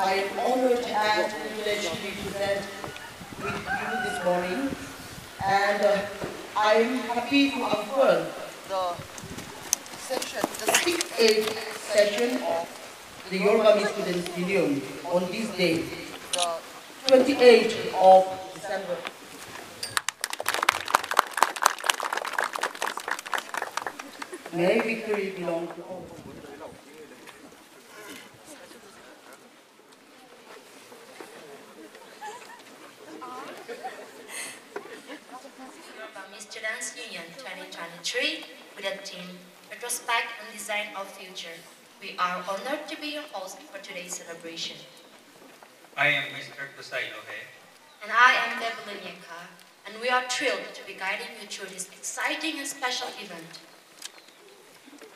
I am honored and privileged to be present with you this morning and uh, I am happy to affirm the session, the sixth session of the Yorubami Students Union on this day, the 28th of December. May victory belong to all. retrospect and design our future. We are honored to be your host for today's celebration. I am Mr. Kusai And I am Devlinyanka, and we are thrilled to be guiding you through this exciting and special event.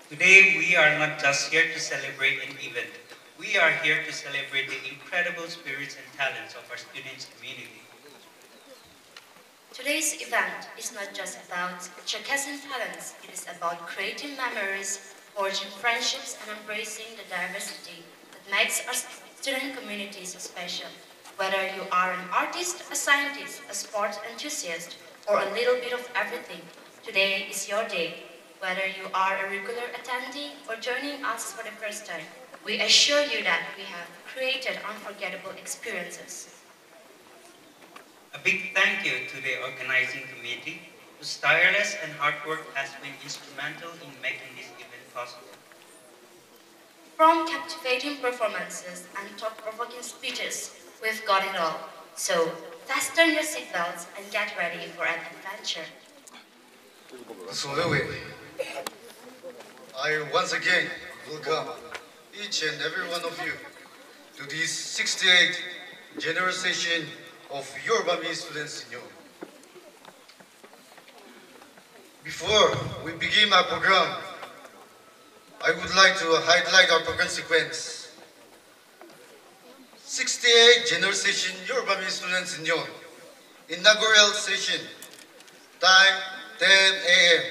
Today, we are not just here to celebrate an event. We are here to celebrate the incredible spirits and talents of our students' community. Today's event is not just about Circassian talents, it is about creating memories, forging friendships, and embracing the diversity that makes our student community so special. Whether you are an artist, a scientist, a sports enthusiast, or a little bit of everything, today is your day. Whether you are a regular attendee or joining us for the first time, we assure you that we have created unforgettable experiences. A big thank you to the organizing committee, whose tireless and hard work has been instrumental in making this event possible. From captivating performances and thought-provoking speeches, we've got it all. So, fasten your seatbelts and get ready for an adventure. So anyway, I once again welcome each and every one of you to this 68th general session of your Burmese students in Before we begin our program, I would like to highlight our sequence. 68 General Session Yoruba Students in inaugural session, time 10 a.m.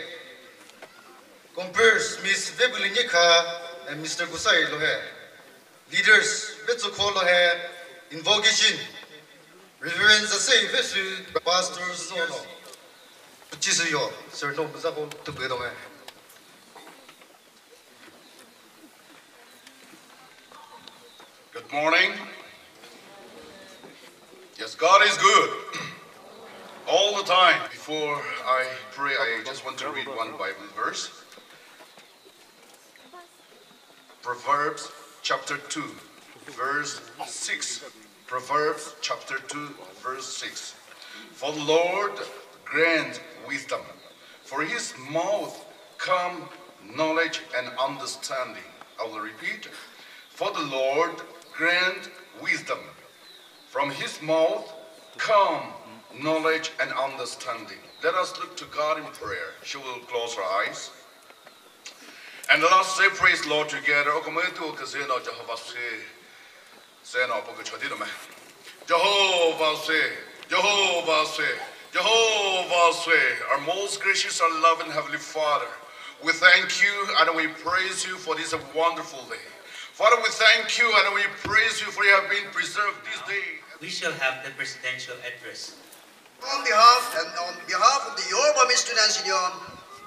Compares Ms. Bebuli and Mr. Gusai Lohe, leaders let's call Lohe, invocation Reverend the Sasei Fishu, Pastor Zono. Jisuyo, Sir Nom Zako Tugedome. Good morning. Yes, God is good. All the time. Before I pray, I just want to read one Bible verse. Proverbs chapter 2, verse 6. Proverbs chapter 2, verse 6. For the Lord grant wisdom, for his mouth come knowledge and understanding. I will repeat. For the Lord grant wisdom, from his mouth come knowledge and understanding. Let us look to God in prayer. She will close her eyes. And let us say praise Lord together. Sen Jehovah say, Jehovah say, Jehovah say, our most gracious, our loving Heavenly Father, we thank you and we praise you for this wonderful day. Father, we thank you and we praise you for you have been preserved this day. We shall have the presidential address. On behalf and on behalf of the Yoruba Mr. Union,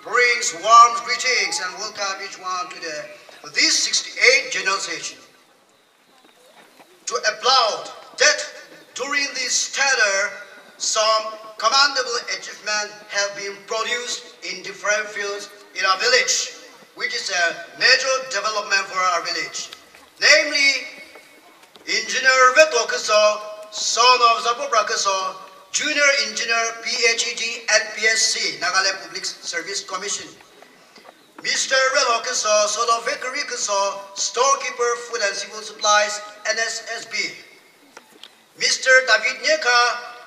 brings warm greetings and welcome each one to the this 68th general session to applaud that during this terror, some commendable achievements have been produced in different fields in our village, which is a major development for our village. Namely, Engineer Veto Kaso, son of Zapopra Kaso, Junior Engineer PhD at PSC, Nagale Public Service Commission. Mr. Remo son of Vickery Kansas, storekeeper, food and Civil supplies, NSSB. Mr. David Nika,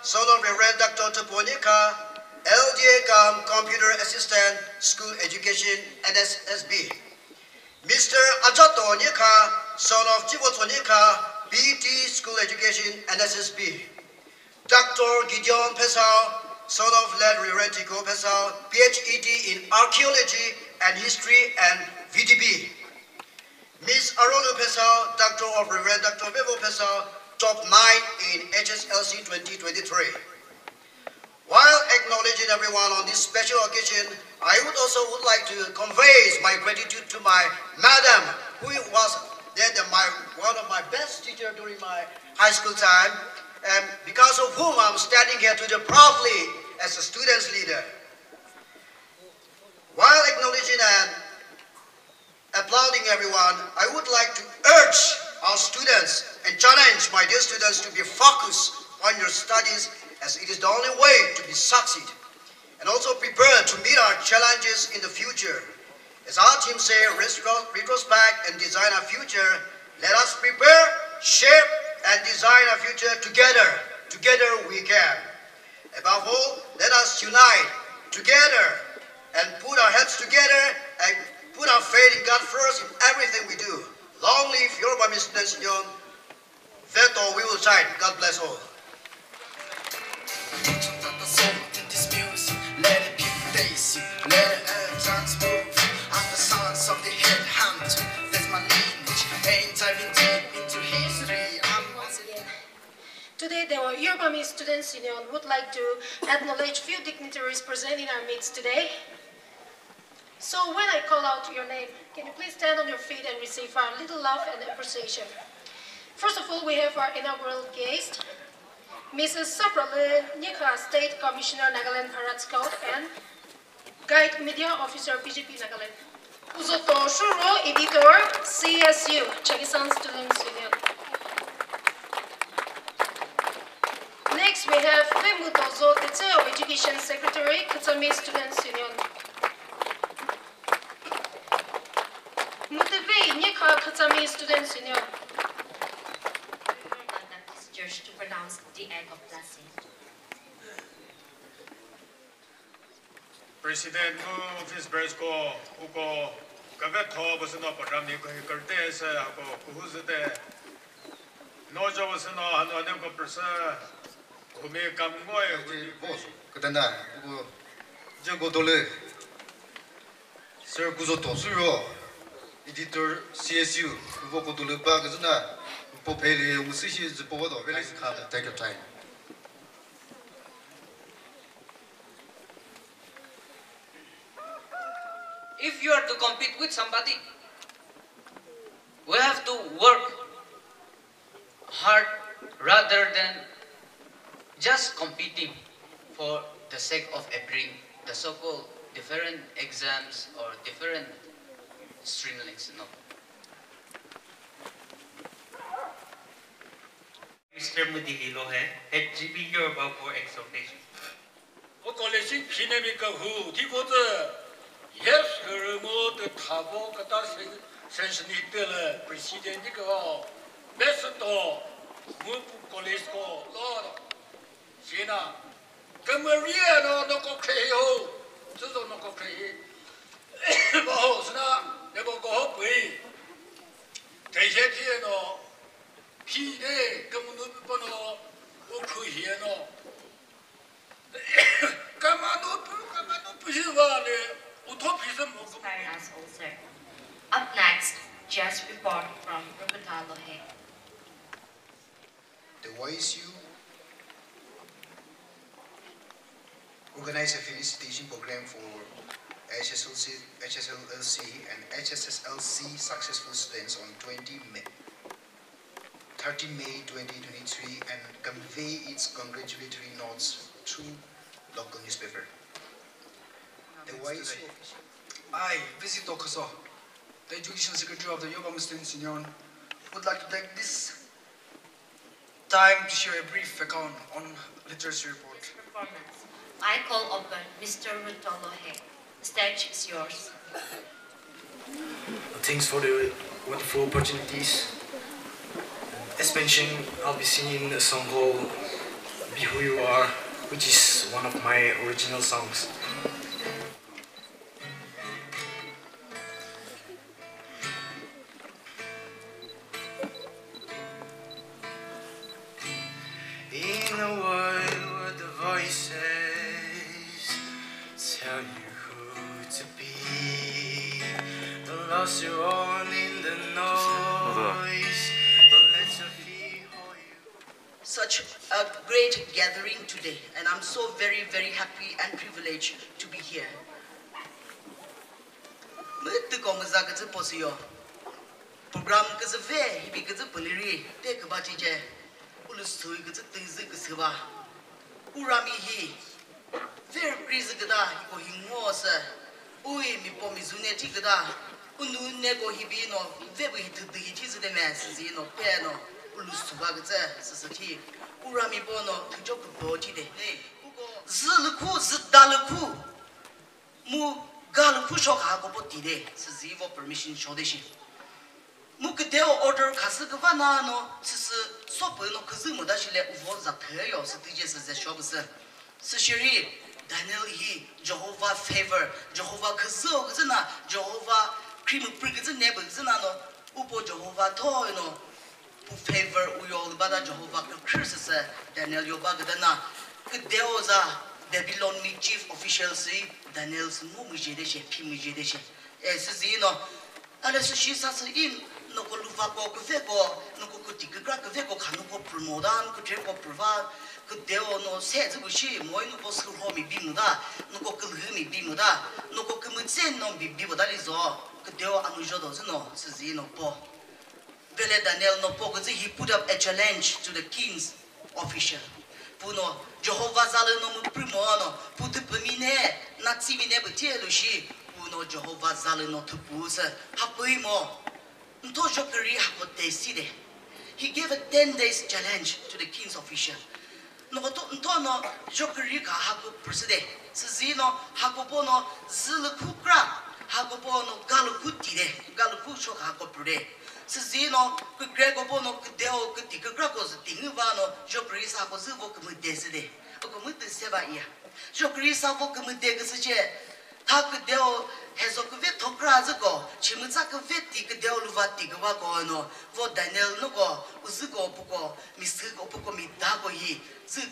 son of Reverend Dr. LDA CAM, computer assistant, school education, NSSB. Mr. Ajato Nika, son of Chiboto Nika, BT, school education, NSSB. Dr. Gideon Pesau, of led Rurenti Gopesal, PhD in Archaeology and History and VDB. Ms. Arulu Pesal, Doctor of Reverend Dr. Vivo Pesal, top 9 in HSLC 2023. While acknowledging everyone on this special occasion, I would also would like to convey my gratitude to my madam, who was then my, one of my best teacher during my high school time, and because of whom I'm standing here today proudly as a student's leader. While acknowledging and applauding everyone, I would like to urge our students and challenge my dear students to be focused on your studies as it is the only way to be succeed and also prepare to meet our challenges in the future. As our team say, retrospect and design our future, let us prepare, shape, and design a future together. Together we can. Above all, let us unite together and put our heads together and put our faith in God first in everything we do. Long live Yoruba Mission Nation. Veto, we will shine. God bless all. Let it be the Urbami Students Union would like to acknowledge few dignitaries present in our midst today. So when I call out your name, can you please stand on your feet and receive our little love and appreciation. First of all, we have our inaugural guest, Mrs. Saprale Nikha, State Commissioner Nagaland Bharat Scout and Guide Media Officer PGP Nagaland. Uzoto Shuro, Editor, CSU, Chagistan Students Union. Next, we have the Ozo, of Education Secretary, Kutami Students Union. Mutevei Nikha Kutami Students Union. to pronounce the end of blessing. President Mu Fisbersko, Uko, Kagato was no program, Nikurtes, Kuhuzde, Nojo was no, no, no, kume kamboye kwe kosu katanda kuku jago tole sir kuzo tosu yo editor CSU kubo kuto le pa kuzo na po pele u sisi zi po wado take time if you are to compete with somebody we have to work hard rather than just competing for the sake of appearing the so-called different exams or different streamlines. No. Mr. Mudihilo hai, eh? head GPU about for exaltation. 어, 걸레신 no sna pui no pi de no hie no no pu no pu shi wa pi se mo up next just report from Rupatalohe. The wise you organize a felicitation program for HSLC, HSLC and HSSLC successful students on 20 May, 30 May 2023 and convey its congratulatory notes through local newspaper. The wise... I, Visit Okuso, the Education Secretary of the Yobam Students Union, would like to take this time to share a brief account on literacy report. I call upon Mr. Rutolohe. The stage is yours. Thanks for the wonderful opportunities. As mentioned, I'll be singing a song called Be Who You Are, which is one of my original songs. In a world you all in the noise. Such a great gathering today, and I'm so very, very happy and privileged to be here. Program kızı ve hibi kızı poliri. Te kıbacı ce. Ulus tuyu Urami unu nne ko hibi no vebu hitu digi chizu de man sisi no pe no ulu suwa gza sisi chi ura mi bo no tujo kubo chi de zi luku zi da luku mu ga luku shok ha gobo ti de sisi vo permission sho de shi mu ke deo order kasi gwa na no sisi sopo no kuzi mu da shi le uvo za pe yo si tije sisi sho bisi sisi ri Daniel he Jehovah favor Jehovah kuzo kuzo na Jehovah Krima prigadze, nebogadze na no, upo Jehovah to favor uyo luba da Jehovah kukursi se uh, Daniel yobagda na. Kadeo za, dabilon mi chief official si Daniel si mu mi zhede she, pi mi zhede she. E si zi ino, ala si shisa si ino, noko lufako kufeko, noko kutigra kufeko, ka noko prumodan, kutremko pruvar. Kadeo no sezi gu shi, moi noko skilho mi bimuda, noko kilho mi bimuda, noko kumitzen no mi bibibodali zo. Kadeo Angujodo, no, Sizi no Po. Bele Daniel no Po, he put up a challenge to the king's official. Puno, Jehovah Zale no primo Primono, put the Pemine, Natsimine Butelushi, Puno, Jehovah Zale no Tupusa, mo, nto Peri Hapote Side. He gave a 10 days challenge to the king's official. No no to nto 너도 너너 조크리가 하고 불스데 스지노 하고보노 슬쿠크라 ha copono galcuccire galcuccio ha copre se zino cu gregobono cu deo cu ti crakozti nvano ciopris ha cosvo cu mdese de o cu mdese ba ia ciopris avo cu mdega se ce ha cu deo heso cu ve tocra azgo chimza cu vetti cu deo lu vatic vagono vo daniel nugo o zigo opco mistico opco mitago hi zi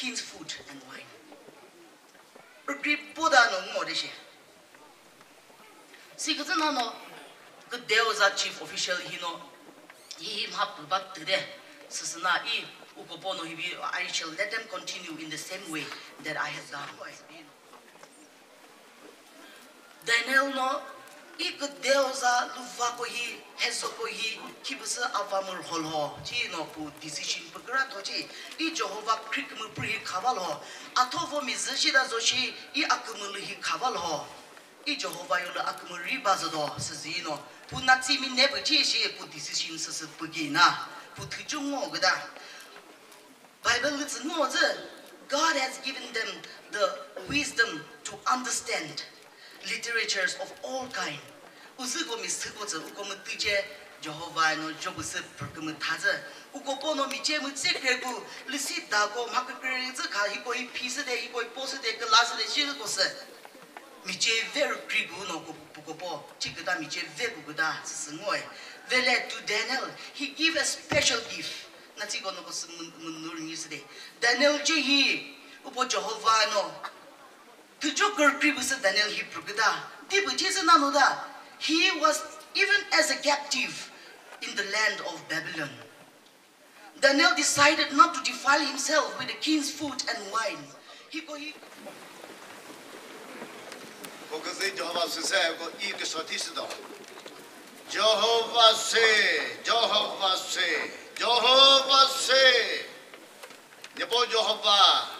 king's food and wine. Ripoda no modeshe. See, because no, no, good day was our chief official, you know, he him happened back today. Susana, he, Ukopono, he, I shall let them continue in the same way that I have done. Daniel, no, Iku deoza luwa kuhi, heso kuhi kibisa awamur holo chi ino ku disishin pagirato chi I johova krikimu prihi kawalo Atofo mi zishirazo shi i akumulihi kawalo I johova yolo akumulibaza do sisi ino Pu natsi mi nebu chi God has given them the wisdom to understand literatures of all kind. Uzigo misikoze ukomutije Jehovah no jobuse perkumutaze. Ukopo no miche mutse kregu lisi dago makakrenze ka hipo hi pise de hipo pose de glass de shiro kose. Miche very krigu no kukopo chikuda miche vebu kuda sisngoi. Vele to Daniel, he give a special gift. Nati go no kose munur Daniel ji hi upo Jehovah no Tujo Gurkri was Daniel Hiprugada. Tibujizananuda. He was even as a captive in the land of Babylon. Daniel decided not to defile himself with the king's food and wine. He go he Kokazi Jehovah say, go eat the satisda. Jehovah say, Jehovah say, Jehovah say. Nepo Jehovah.